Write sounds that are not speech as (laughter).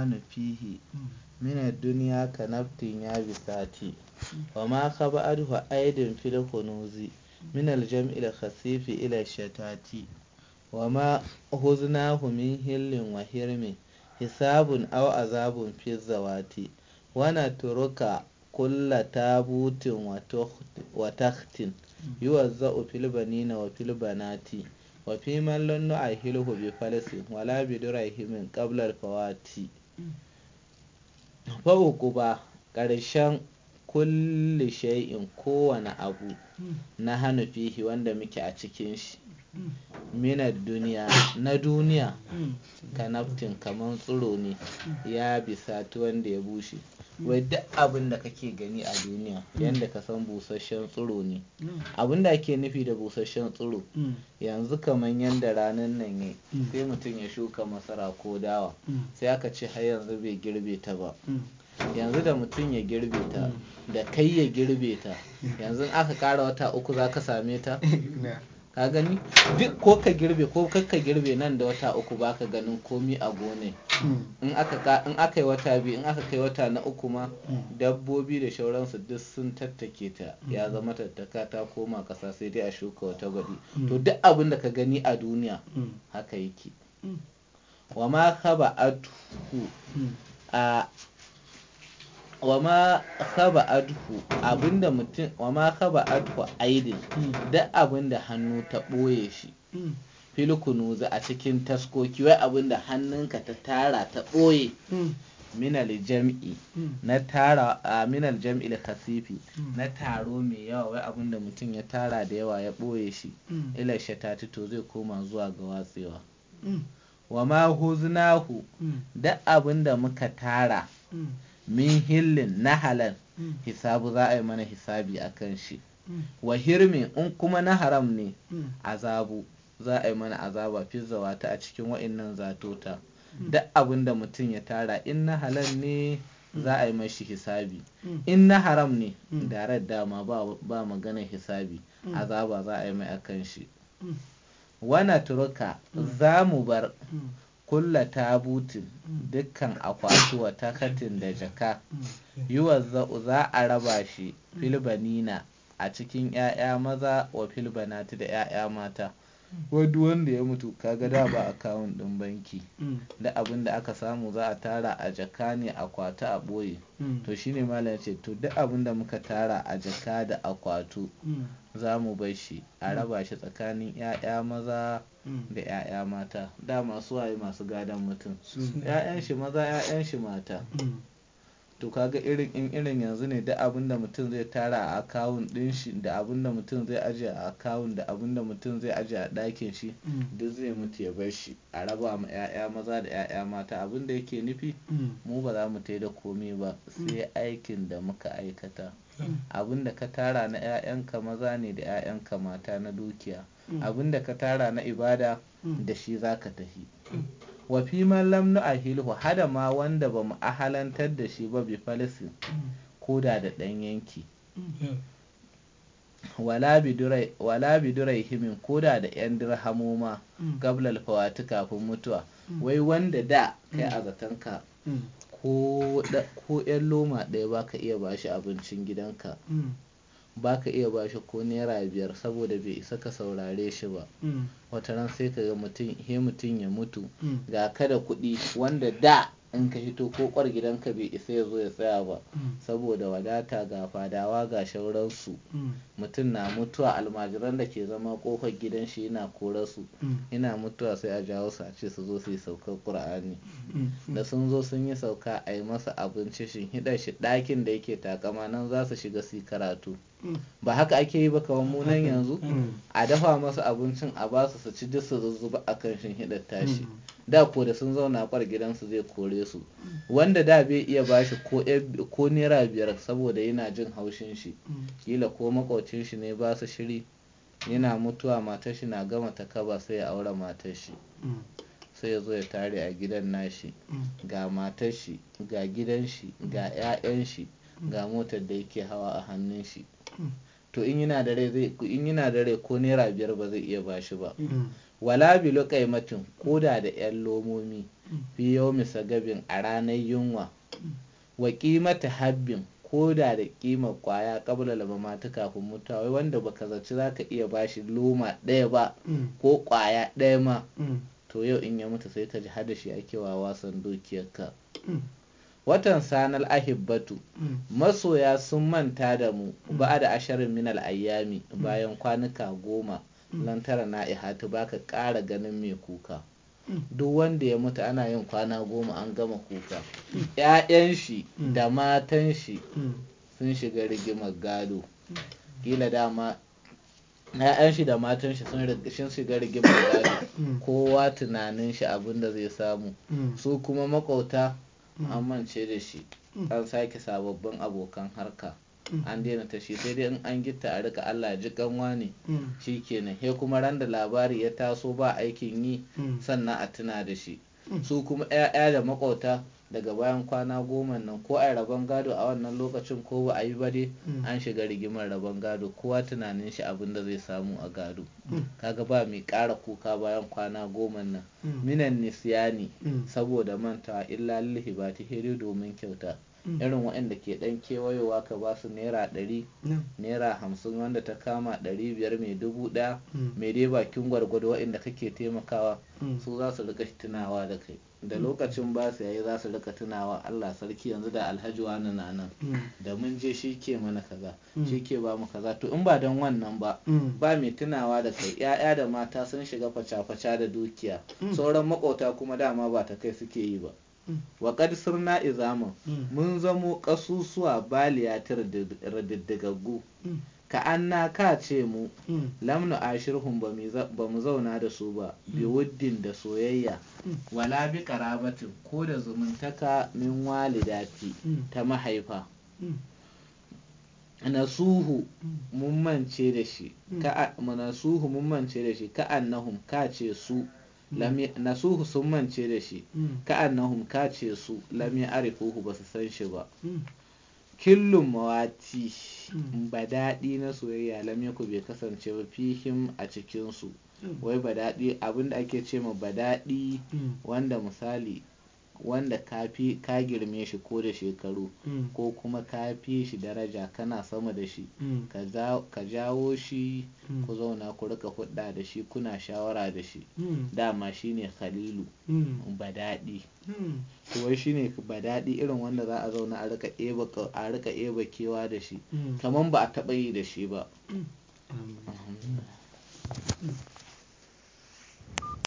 hannu fihi mina duniya kanaftin ya sati wa ma ka ba arhu aidin fil hunuzi min al jam'il khasifi ila shatati wa ma huznahu min hillin wa hirmi hisabun aw azabun fi zawati wa turuka kulla butin wa takhtin yuwazza'u fil banina wa fil wa fi man lannu ahilhu bi falsin wala bi dirahimin qabla fawati uku ba ƙarshen kulli shay'in kowane abu na hannu fihi wanda muke a cikin shi. Minar duniya na duniya kanaftin kamar tsiro ne ya bisa tuwon wanda ya bushe. wai duk abin da kake gani a duniya mm. yadda ka san busasshen tsiro ne mm. abin da ake nufi da busasshen tsiro mm. yanzu kamar yadda ranar nan ne sai mutum ya shuka masara ko dawa sai aka ce har yanzu bai girbe ta ba yanzu da mutum ya girbe ta da kai ya girbe ta (laughs) yanzu aka kara wata uku za ka same ta (laughs) ka gani duk ko ka girbe ko kakka girbe nan da wata uku baka ganin komi a gone hmm. in aka yi wata biyu in aka kai wata na uku ma hmm. dabbobi da shauransu duk sun tattake ta hmm. ya zama tattaka ta koma kasa sai dai a shuka wata gwadi to duk abin da ka gani a duniya haka yake wa ma kaba ba a wama khaba adhu abinda mutum wama khaba adhu aidin duk abinda hannu ta ɓoye shi hmm. fil kunuzi a cikin taskoki wai abinda hannunka ta tara ta ɓoye hmm. minal jam'i hmm. na tara a minal da kasifi na taro mai yawa wai da mutum ya tara da yawa ya ɓoye shi ila shatati to zai koma zuwa ga watsewa wa ma huznahu duk abinda muka tara min hillin nahalan mm. hisabu za a yi mana hisabi a kan shi mm. wa hirmi in kuma na haram ne mm. azabu za a yi mana azaba fi ta a cikin wa'innan zatota duk abin da mutum ya tara in na halal ne za a yi mashi hisabi in na haram ne da dama ba magana hisabi azaba za a yi mai akan shi wana turuka za mu bar kulla tabutin dukkan akwatuwa ta katin da jaka yiwuwar za a raba shi filbanina a cikin ‘ya'ya maza wa filbanati da ‘ya'ya mata wai duk wanda ya mutu kaga da ba akawun ɗin banki mm. da abin da aka samu za a tara a jaka ne kwato a ɓoye mm. to shine malam ce to duk abin da muka tara a jaka da akwatu mm. za mu bar shi a raba shi tsakanin 'ya'ya maza da 'ya'ya mata da masu waye masu gadon mutum 'ya'yan shi maza 'ya'yan shi mata to kaga irin in irin yanzu ne da abin da mutum zai tara a akawun din shi da abin da mutum zai aje a akawun da abin da mutum zai aje a ɗakin shi mm. duk zai mutu ya bar shi a raba ma 'ya'ya maza da 'ya'ya mata abin da yake nufi mm. mu ba za mu tai da komai ba sai mm. aikin da muka aikata abin da ka tara na 'ya'yanka maza ne da 'ya'yanka mata na dukiya abin da ka tara na ibada da shi zaka tafi wa fi lamnu a nu'ahilhu hada ma wanda ba mu ahalantar da shi ba bi falisin ko da da ɗan yanki wala bidurai himin ko da da 'yan dirhamoma gablal fawati kafin mutuwa wai wanda da kai a zatanka ko 'yan loma ɗaya ka iya bashi abincin gidanka ba ka iya ba shi ko naira biyar saboda bai isa ka saurare shi ba mm. wata ran sai ka ga mutum he mutum ya mutu mm. ga ka da kuɗi wanda da in ka hito ko kwar gidanka bai isa ya zo ya tsaya ba mm. saboda wadata ga fadawa ga shauransu mutum na mutuwa almajiran da ke zama kofar gidan shi yana kora su yana mutuwa sai a jawo su a ce su zo su yi saukar qur'ani da sun zo sun yi sauka a yi masa abinci shin hida shi ɗakin da yake takama nan za su shiga su yi karatu ba haka ake yi ba kamar munan yanzu mm. a dafa masu abincin a basu su ci duk su zuzzuba a kan shinhiɗar tashi mm. da ko da sun zauna kwar gidansu zai kore su mm. wanda da bai iya bashi ko naira biyar saboda yana jin haushin shi kila ko makwacin shi ne ba su shiri yana mutuwa matar shi na gama ta kaba sai ya aura matar shi sai ya zo ya tare a gidan nashi ga matar shi ga gidan shi ga 'ya'yan shi ga motar da yake hawa a hannun shi to in yana da rai ko naira biyar ba zai iya bashi ba mm. wala bi luqaimatin koda da yan lomomi mm. fi yawmi sagabin a ranar yunwa mm. wa mata habbin koda da ƙima kwaya kabla lamama ta kafin mutuwa wai wanda baka zaci zaka iya bashi loma ɗaya ba ko kwaya ɗaya ma to yau in ya mutu sai ka ji hada shi ake wa wasan dukiyarka watan sanar ahibbatu mm. masoya sun manta da mu mm. ba da asharin minal ayyami mm. bayan kwanuka goma lantara na ihatu baka ƙara ganin mai kuka duk wanda ya mutu ana yin kwana goma an gama kuka 'ya'yan shi da matan shi sun shiga rigimar gado kila dama ‘ya'yan shi da matan shi sun shiga rigimar gado kowa tunanin shi abinda zai samu su kuma makauta an mm. mance da shi mm. an sake sababbin abokan harka mm. an daina ta shi sai dai in an gitta a rika Allah ji kanwa ne shi kenan he kuma randa labari ya taso ba aikin yi sannan a tuna da shi su kuma 'ya'ya da makwauta daga bayan kwana goma nan ko a rabon gado a wannan lokacin ko ba a yi ba dai mm. an shiga rigimar rabon gado kowa tunanin shi abin da zai samu a gado mm. kaga ba mai kara kuka bayan kwana goma nan mm. minan nisiyani saboda manta illa lillahi ba ta domin kyauta Mm. irin waɗanda ke ɗan kewayowa ka ba su naira ɗari naira hamsin wanda ta kama ɗari biyar mai dubu ɗaya mm. mai dai bakin gwargwado waɗanda kake taimakawa mm. su za su rika tunawa da kai da lokacin ba su yayi za su rika tunawa Allah sarki yanzu da alhaji wani na nan da mun je shi ke mana kaza shi ke ba mu kaza to in ba don wannan ba ba mai tunawa da kai ya'ya da mata sun shiga faca-faca da dukiya sauran makota kuma dama ba ta kai suke yi ba Mm. wa sirna izama mm. mun zamo ƙasusuwa baliya ta radiddigaggu mm. ka anna ka ce mu lamnu ashirhum ba mu zauna da su ba bi da soyayya wala bi karabatin ko da zumuntaka min walidati ta mahaifa nasuhu mun mance da shi ka annahum ka ce su nasuhu sun mance da shi mm. ka'annahum ka ce su lami arifuhu ba su san shi ba mm. killun mawati mm. ba daɗi na soyayya lamya ku bai kasance ba fihim a cikinsu wai ba daɗi abinda ake ce ma ba daɗi wanda misali wanda ka fi ka girme shi ko da shekaru mm. ko kuma ka fi shi daraja kana sama da shi mm. ka jawo shi mm. ku zauna ku rika hudda da shi kuna shawara da shi dama shine khalilu badadi to shine badadi irin wanda za a zauna a rika eba kewa da shi kamar ba a taɓa yi da shi ba